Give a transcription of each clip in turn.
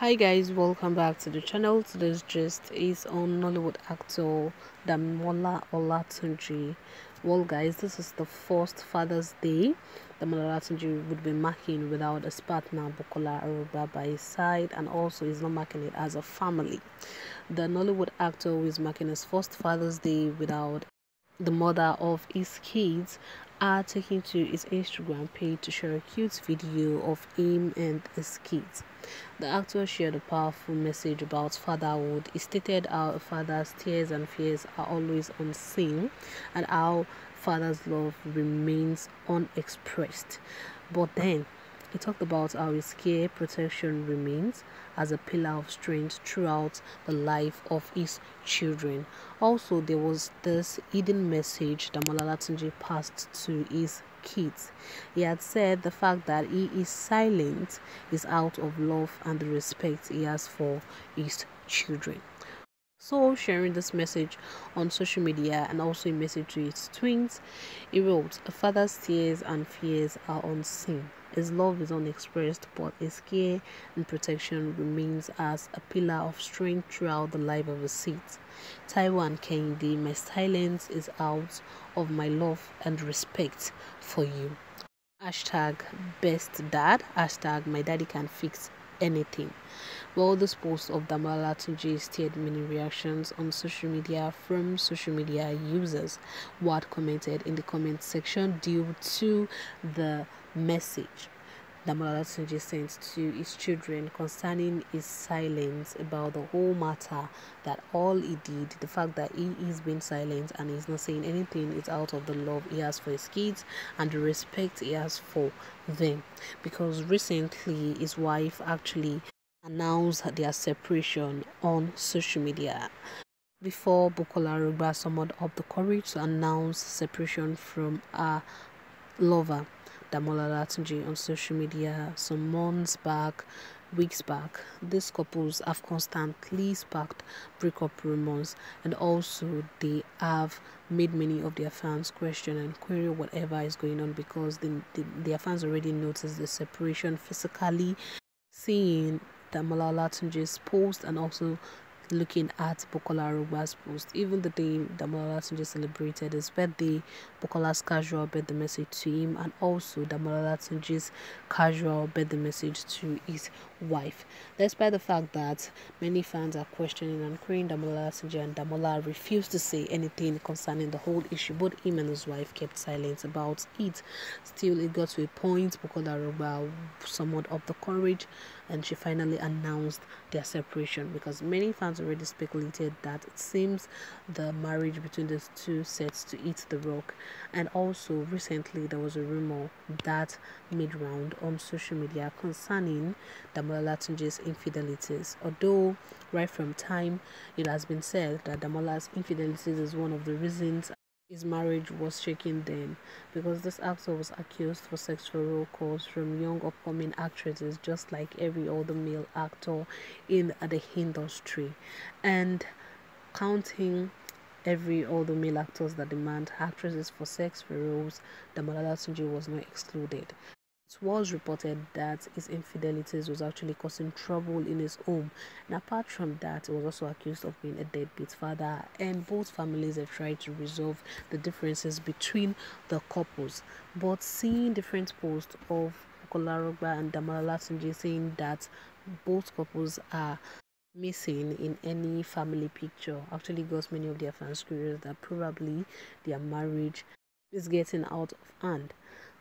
hi guys welcome back to the channel today's gist is on nollywood actor damola olatunji well guys this is the first father's day damola olatunji would be marking without his partner bukola aruba by his side and also he's not marking it as a family the nollywood actor who is marking his first father's day without the mother of his kids are taking to his instagram page to share a cute video of him and his kids the actor shared a powerful message about fatherhood. He stated how a father's tears and fears are always unseen and how father's love remains unexpressed. But then, he talked about how his care protection remains as a pillar of strength throughout the life of his children. Also, there was this hidden message that Malala Tunji passed to his kids. He had said the fact that he is silent is out of love and the respect he has for his children. So, sharing this message on social media and also a message to his twins, he wrote, A father's tears and fears are unseen. His love is unexpressed, but his care and protection remains as a pillar of strength throughout the life of his seat. Taiwan Kennedy, my silence is out of my love and respect for you. Hashtag best dad, hashtag my daddy can fix anything. Well, this post of Damala Tunji stirred many reactions on social media from social media users what commented in the comment section due to the message that Malala Tunji sent to his children concerning his silence about the whole matter, that all he did, the fact that he is being silent and he's not saying anything, is out of the love he has for his kids and the respect he has for them. Because recently his wife actually announced their separation on social media before Bukola Ruba summoned up the courage to announce separation from a lover. Damola Latunji on social media some months back, weeks back. These couples have constantly sparked breakup rumors and also they have made many of their fans question and query whatever is going on because the their fans already noticed the separation physically, seeing Damola Latunji's post and also looking at Bukola Aruba's post. Even the day Damola Latunji celebrated his birthday Bukola's casual birthday message to him and also Damola Tunji's casual birthday message to his wife. Despite the fact that many fans are questioning and querying Damola Tunji and Damola refused to say anything concerning the whole issue, both him and his wife kept silence about it. Still, it got to a point Bukola Roba somewhat up the courage and she finally announced their separation because many fans already speculated that it seems the marriage between the two sets to eat the rock and also, recently there was a rumor that made round on social media concerning Damola Latunji's infidelities. Although, right from time, it has been said that Damola's infidelities is one of the reasons his marriage was shaken then because this actor was accused for sexual role calls from young upcoming actresses just like every other male actor in the industry and counting every all the male actors that demand actresses for sex roles, Malala Sunji was not excluded. It was reported that his infidelities was actually causing trouble in his home, and apart from that, he was also accused of being a deadbeat father. And both families have tried to resolve the differences between the couples, but seeing different posts of Kolarogba and Damola Sunji saying that both couples are missing in any family picture actually got many of their fans curious that probably their marriage is getting out of hand.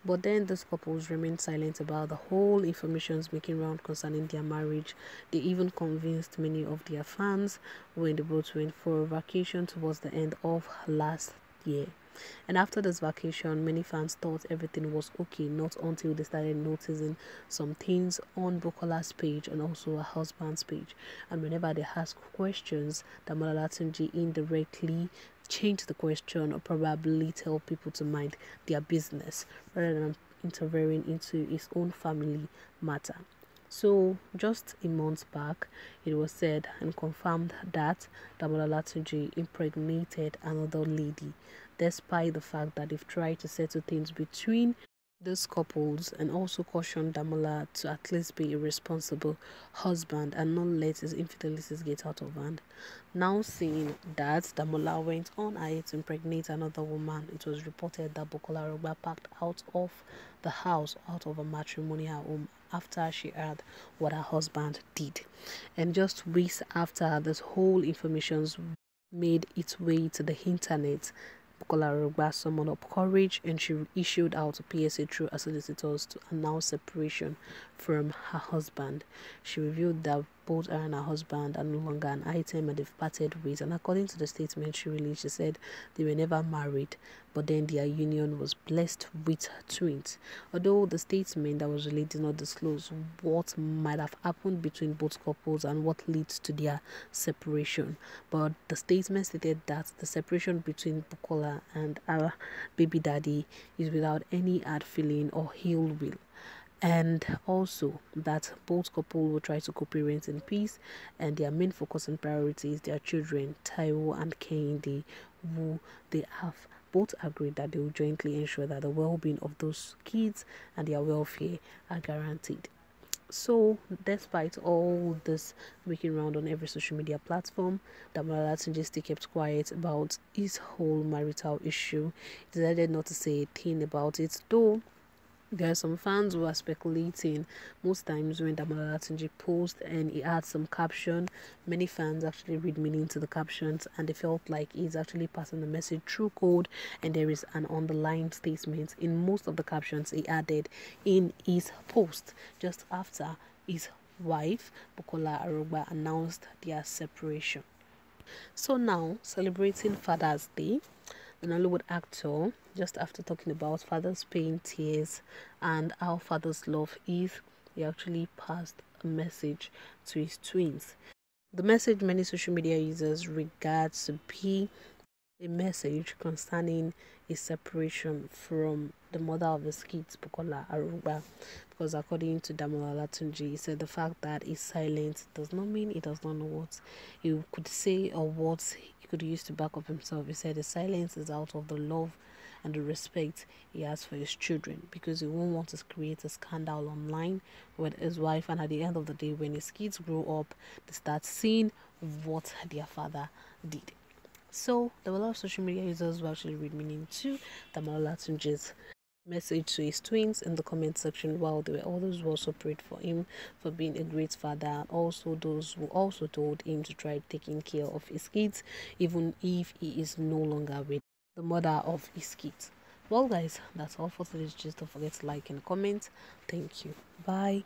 But then those couples remained silent about the whole informations making round concerning their marriage. They even convinced many of their fans when the both went for a vacation towards the end of last year. And after this vacation, many fans thought everything was okay, not until they started noticing some things on Bokola's page and also her husband's page. And whenever they ask questions, Damola Latunji indirectly change the question or probably tell people to mind their business rather than interfering into his own family matter. So, just a month back, it was said and confirmed that Damola Latunji impregnated another lady despite the fact that they've tried to settle things between those couples and also cautioned Damola to at least be a responsible husband and not let his infidelities get out of hand. Now seeing that Damola went on ahead to impregnate another woman, it was reported that Bukola Roba packed out of the house, out of a matrimonial home after she heard what her husband did. And just weeks after this whole information made its way to the internet Bukola Arugba summoned up courage and she issued out a PSA through her solicitors to announce separation from her husband. She revealed that both her and her husband are no longer an item and they've parted ways. And according to the statement she released, she said they were never married, but then their union was blessed with twins. Although the statement that was released did not disclose what might have happened between both couples and what leads to their separation, but the statement stated that the separation between Bukola and her baby daddy is without any hard feeling or ill will and also that both couple will try to co-parent in peace and their main focus and priority is their children Taiwo and Kehinde who they have both agreed that they will jointly ensure that the well-being of those kids and their welfare are guaranteed so despite all this making round on every social media platform damola latunji kept quiet about his whole marital issue he decided not to say a thing about it though there are some fans who are speculating most times when Damola Tunji posts and he adds some caption. Many fans actually read meaning to the captions and they felt like he's actually passing the message through code and there is an underlying statement in most of the captions he added in his post just after his wife Bukola Aruba announced their separation. So now celebrating Father's Day an Hollywood actor, just after talking about father's pain, tears, and how father's love is, he actually passed a message to his twins. The message many social media users regard to be a message concerning his separation from the mother of the kids, Bukola Aruba, because according to Damola Latunji, he said the fact that he's silent does not mean he does not know what he could say or what he could use to back up himself. He said the silence is out of the love and the respect he has for his children because he won't want to create a scandal online with his wife. And at the end of the day, when his kids grow up, they start seeing what their father did. So there were a lot of social media users who actually read meaning to Damola Tunji's message to his twins in the comment section while there were others who also prayed for him for being a great father and also those who also told him to try taking care of his kids even if he is no longer with the mother of his kids well guys that's all for today's gist don't forget to like and comment thank you bye